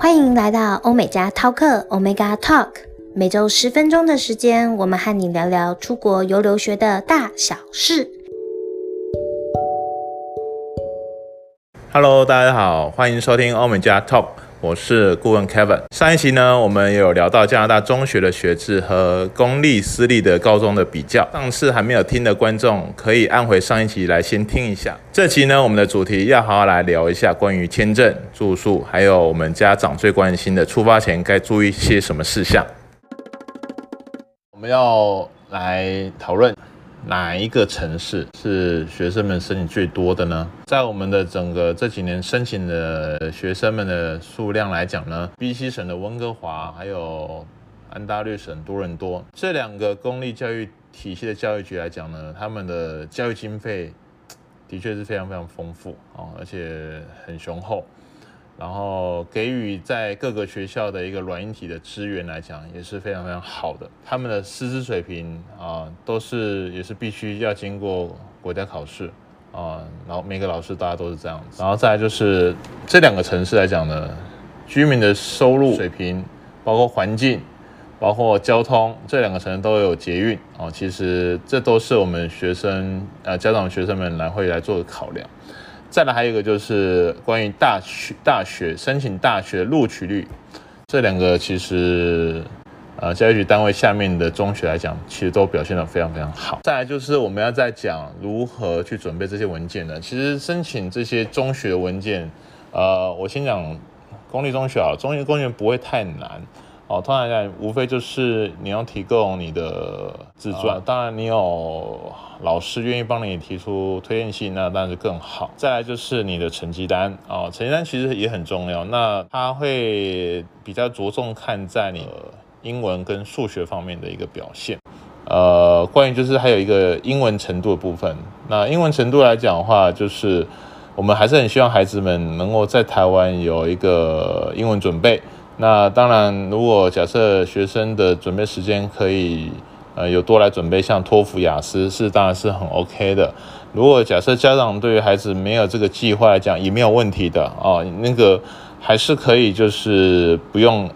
歡迎來到歐美加 Talk，Omega Talk，每週十分鐘的時間，我們和你聊聊出國遊、留學的大小事。Hello，大家好，歡迎收聽歐美加 Talk。我是顧問 Kevin。上一期呢，我們有聊到加拿大中學的學制和公立、私立的高中的比較。上次還沒有聽的觀眾，可以按回上一期來先聽一下。這期呢，我們的主題要好好來聊一下關於簽證、住宿，還有我們家長最關心的出發前該注意些什麼事項。我們要來討論。哪一個城市是學生們申請最多的呢？在我們的整個這幾年申請的學生們的數量來講呢，BC 省的溫哥華，還有安大略省多倫多，這兩個公立教育體系的教育局來講呢，他們的教育經費的確是非常非常豐富啊，而且很雄厚。然後給予在各個學校的一個軟硬體的資源來講也是非常非常好的，他們的師資水平啊、呃、都是也是必須要經過國家考試啊、呃，然後每個老師大家都是這樣子。然後再來就是這兩個城市來講呢，居民的收入水平，包括環境，包括交通，這兩個城市都有捷運啊、呃，其實這都是我們學生啊、呃、家長學生們來會來做的考量。再來還有一個就是關於大學、大學申請大學的錄取率，這兩個其實，呃，教育局單位下面的中學來講，其實都表現得非常非常好。再來就是我們要再講如何去準備這些文件呢？其實申請這些中學文件，呃，我先講公立中學啊，中學公員不會太難。哦，通常來講，無非就是你要提供你的自傳、哦，當然你有老師願意幫你提出推薦信，那當然就更好。再來就是你的成績單，哦，成績單其實也很重要，那他會比較着重看在你英文跟數學方面的一個表現。呃，關於就是還有一個英文程度的部分，那英文程度來講的話，就是我們還是很希望孩子們能夠在台灣有一個英文準備。那當然，如果假設學生的準備時間可以，呃，有多來準備，像托福、雅思是當然是很 OK 的。如果假設家長對於孩子沒有這個計劃來講，也沒有問題的啊、哦，那個還是可以，就是不用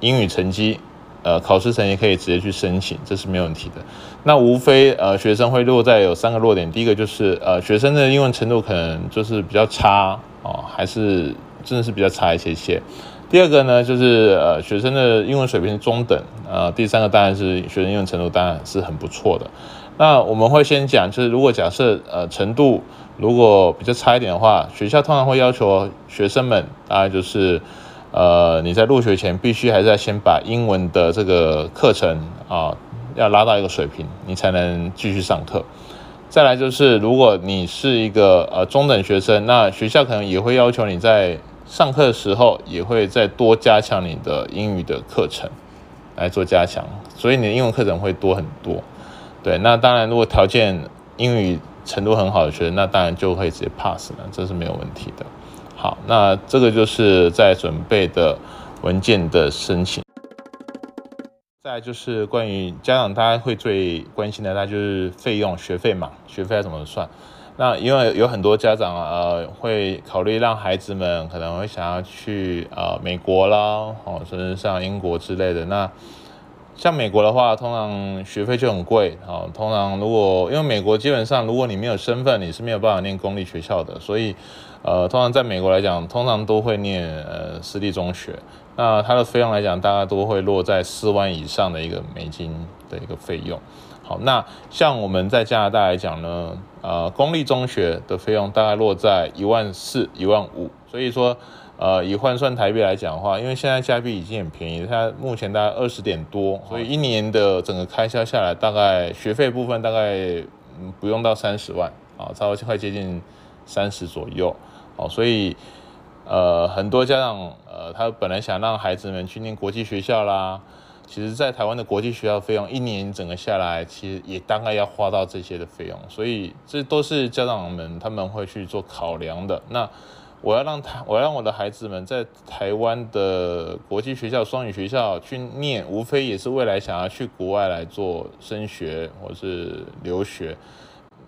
英語成績，呃，考試成績可以直接去申請，這是沒問題的。那無非呃，學生會落在有三個落點，第一個就是呃，學生的英文程度可能就是比較差哦，還是真的是比較差一些些。第二個呢，就是呃學生的英文水平是中等，呃，第三個當然是學生英文程度當然是很不錯的。那我們會先講，就是如果假設呃程度如果比較差一點的話，學校通常會要求學生們大概、啊、就是呃你在入學前必須還是要先把英文的這個課程啊、呃、要拉到一個水平，你才能繼續上課。再來就是如果你是一個呃中等學生，那學校可能也會要求你在上課的時候也會再多加強你的英語的課程來做加強，所以你的英文課程會多很多。對，那當然如果條件英語程度很好的學生，那當然就可以直接 pass 了，這是沒有問題的。好，那這個就是在準備的文件的申請。再就是關於家長大家會最關心的，那就是費用，學費嘛，學費要怎麼算？那因為有很多家長啊、呃、會考慮讓孩子們可能會想要去啊、呃、美國啦，或甚至像英國之類的。那像美國的話，通常學費就很貴，啊、哦。通常如果因為美國基本上如果你沒有身份，你是沒有辦法念公立學校的，所以呃通常在美國來講，通常都會念呃私立中學。那它的費用來講，大概都會落在四萬以上的一個美金的一個費用。那像我們在加拿大來講呢，呃，公立中學的費用大概落在一萬四、一萬五，所以說，呃，以換算台幣來講的話，因為現在加幣已經很便宜，它目前大概二十點多，所以一年的整個開銷下來，大概學費部分大概不用到三十萬啊，差不多快接近三十左右。好，所以呃，很多家長呃，他本來想讓孩子們去念國際學校啦。其實，在台灣的國際學校費用，一年整個下來，其實也大概要花到這些的費用，所以這都是家長們他們會去做考量的。那我要讓他，我要讓我的孩子們在台灣的國際學校、雙語學校去念，無非也是未來想要去國外來做升學或是留學。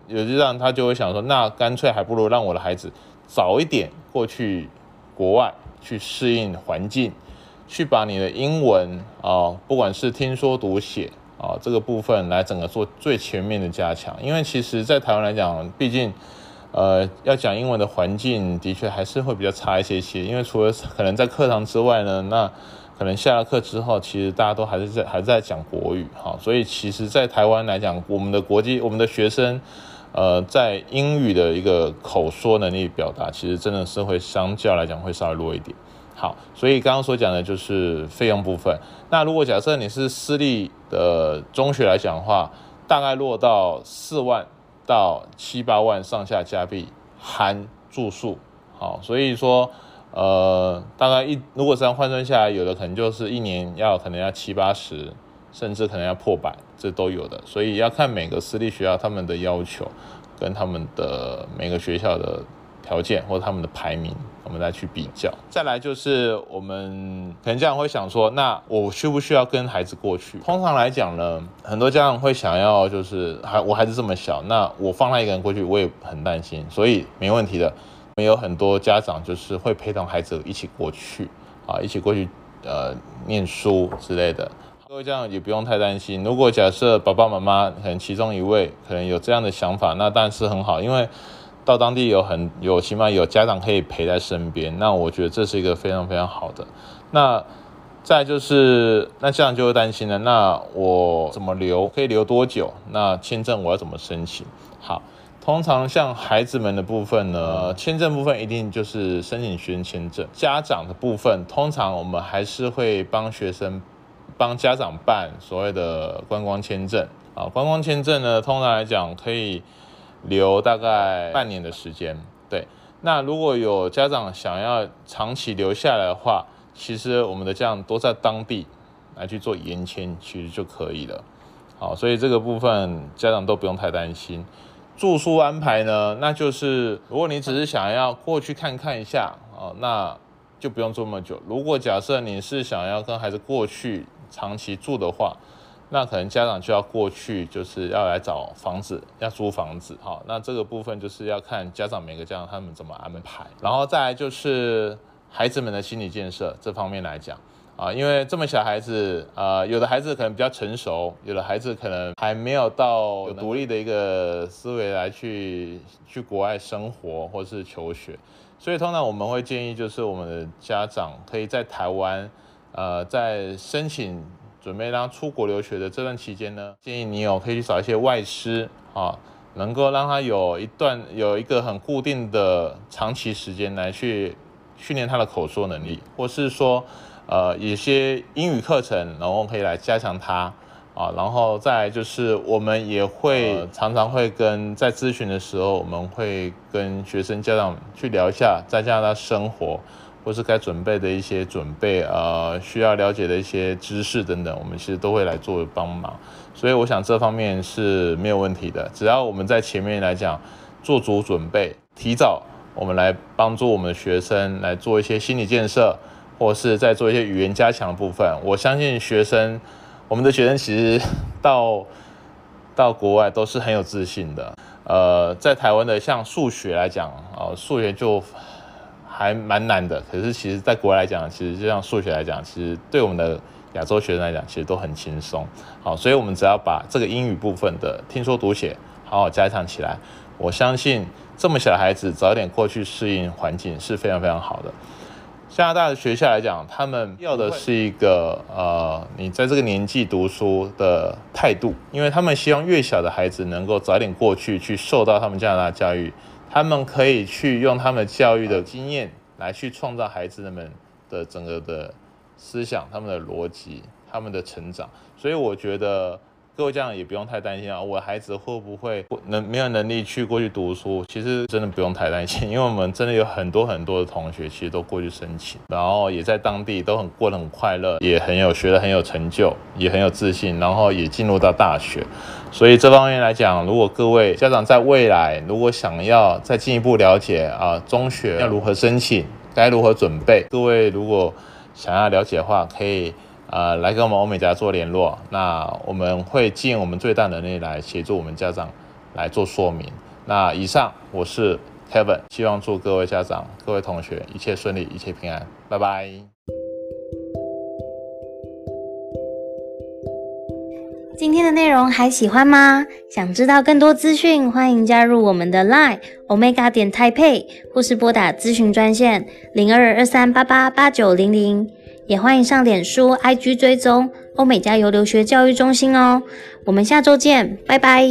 有這樣，他就會想說，那乾脆還不如讓我的孩子早一點過去國外去適應環境。去把你的英文啊、哦，不管是聽說讀寫啊、哦、這個部分來整個做最全面的加強。因為其實在台灣來講，畢竟呃要講英文的環境的確還是會比較差一些些。因為除了可能在課堂之外呢，那可能下了課之後，其實大家都還是在還是在講國語哈、哦。所以其實在台灣來講，我們的國際我們的學生呃在英語的一個口說能力表達，其實真的是會相較來講會稍微弱一點。好，所以剛剛所講的就是費用部分。那如果假設你是私立的中學來講的話，大概落到四萬到七八萬上下加幣含住宿。好，所以說，呃，大概一如果這樣換算下來，有的可能就是一年要可能要七八十，甚至可能要破百，這都有的。所以要看每個私立學校他們的要求，跟他們的每個學校的條件或者他們的排名。我們來去比較，再來就是我們可能家長會想說，那我需不需要跟孩子過去？通常來講呢，很多家長會想要就是還我孩子這麼小，那我放他一個人過去，我也很擔心，所以沒問題的。沒有很多家長就是會陪同孩子一起過去啊，一起過去呃念書之類的。各位家長也不用太擔心，如果假設爸爸媽媽可能其中一位可能有這樣的想法，那當然是很好，因為。到當地有很有，起碼有家長可以陪在身邊，那我覺得這是一個非常非常好的。那再就是，那家長就會擔心了，那我怎麼留，可以留多久？那簽證我要怎麼申請？好，通常像孩子們的部分呢，簽證部分一定就是申請學生簽證。家長的部分，通常我們還是會幫學生、幫家長辦所謂的觀光簽證啊。觀光簽證呢，通常來講可以。留大概半年的時間，對。那如果有家長想要長期留下來的話，其實我們的家長都在當地來去做延簽，其實就可以了。好，所以這個部分家長都不用太擔心。住宿安排呢，那就是如果你只是想要過去看看一下，哦，那就不用這麼久。如果假設你是想要跟孩子過去長期住的話，那可能家長就要過去，就是要來找房子，要租房子，好，那這個部分就是要看家長，每個家長他們怎麼安排。然後再來就是孩子們的心理建設這方面來講啊，因為這麼小孩子，啊，有的孩子可能比較成熟，有的孩子可能還沒有到有獨立的一個思維來去去國外生活或是求學，所以通常我們會建議，就是我們的家長可以在台灣，呃，在申請。準備讓他出國留學的這段期間呢，建議你有可以去找一些外師啊，能夠讓他有一段有一個很固定的長期時間來去訓練他的口說能力，或是說呃一些英語課程，然後可以來加強他啊。然後再來就是我們也會、呃、常常會跟在諮詢的時候，我們會跟學生家長去聊一下，在加拿大生活，或是該準備的一些準備，呃，需要了解的一些知識等等，我們其實都會來做幫忙。所以我想這方面是沒有問題的，只要我們在前面來講做足準備，提早我們來幫助我們的學生來做一些心理建設，或是在做一些語言加強的部分。我相信學生，我們的學生其實到到國外都是很有自信的。呃，在台灣的像數學來講，啊、呃，數學就，還蠻難的，可是其實，在國外來講，其實就像數學來講，其實對我們的亞洲學生來講，其實都很輕鬆。好，所以我們只要把這個英語部分的聽說讀寫好好加強起來，我相信這麼小的孩子早點過去適應環境是非常非常好的。加拿大的學校來講，他們要的是一個呃，你在這個年紀讀書的態度，因為他們希望越小的孩子能夠早點過去去受到他們加拿大教育。他們可以去用他們教育的經驗來去創造孩子們的整個的思想、他們的邏輯、他們的成長，所以我覺得。各位家長也不用太擔心啊，我孩子會不會能沒有能力去過去讀書？其實真的不用太擔心，因為我們真的有很多很多的同學，其實都過去申請，然後也在當地都很過得很快樂，也很有學得很有成就，也很有自信，然後也進入到大學。所以這方面來講，如果各位家長在未來如果想要再進一步了解啊，中學要如何申請，該如何準備，各位如果想要了解的話，可以。呃，來跟我們歐美加做聯絡，那我們會盡我們最大能力來協助我們家長來做說明。那以上我是 Kevin，希望祝各位家長、各位同學一切順利，一切平安，拜拜。今天的內容還喜歡嗎？想知道更多資訊，歡迎加入我們的 LINE Omega 點 taipei，或是撥打諮詢專線零二二三八八八九零零。也歡迎上臉書 IG 追蹤歐美加遊留學教育中心哦，我們下週見，拜拜。